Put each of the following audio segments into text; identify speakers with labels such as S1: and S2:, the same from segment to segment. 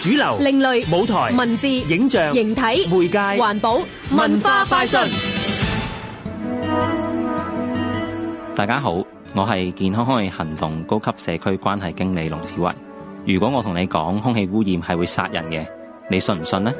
S1: 主流、另類舞台、文字、影像、形體、媒介、環保、文化快訊。大家好，我係健康空氣行動高級社區關係經理龍子維。如果我同你講空氣污染係會殺人嘅，你信唔信呢？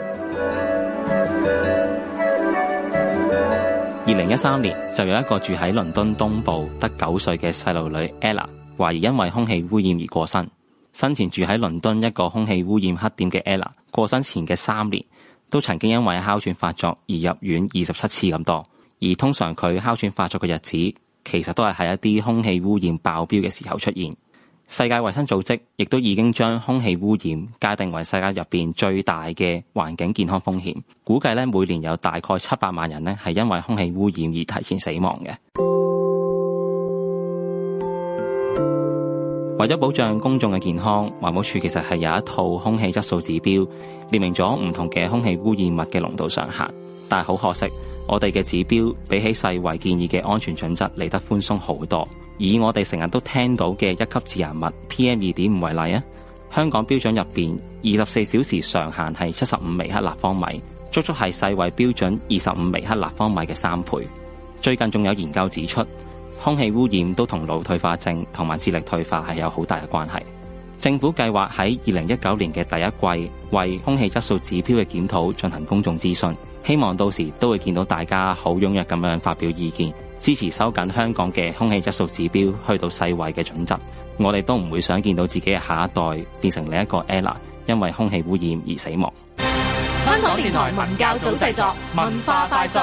S1: 二零一三年就有一個住喺倫敦東部得九歲嘅細路女 Ella 懷疑因為空氣污染而過身。生前住喺倫敦一個空氣污染黑點嘅 Ella，過身前嘅三年都曾經因為哮喘發作而入院二十七次咁多，而通常佢哮喘發作嘅日子，其實都係喺一啲空氣污染爆表嘅時候出現。世界衛生組織亦都已經將空氣污染界定為世界入邊最大嘅環境健康風險，估計咧每年有大概七百萬人咧係因為空氣污染而提前死亡嘅。為咗保障公眾嘅健康，環保署其實係有一套空氣質素指標，列明咗唔同嘅空氣污染物嘅濃度上限。但係好可惜，我哋嘅指標比起世衛建議嘅安全準則嚟得寬鬆好多。以我哋成日都聽到嘅一級致癌物 PM 二點五為例啊，香港標準入邊二十四小時上限係七十五微克立方米，足足係世衛標準二十五微克立方米嘅三倍。最近仲有研究指出，空氣污染都同腦退化症同埋智力退化係有好大嘅關係。政府計劃喺二零一九年嘅第一季為空氣質素指標嘅檢討進行公眾諮詢，希望到時都會見到大家好踴躍咁樣發表意見，支持收緊香港嘅空氣質素指標去到世衞嘅準則。我哋都唔會想見到自己嘅下一代變成另一個 Ella，因為空氣污染而死亡。香港電台文教組製作，文化快訊。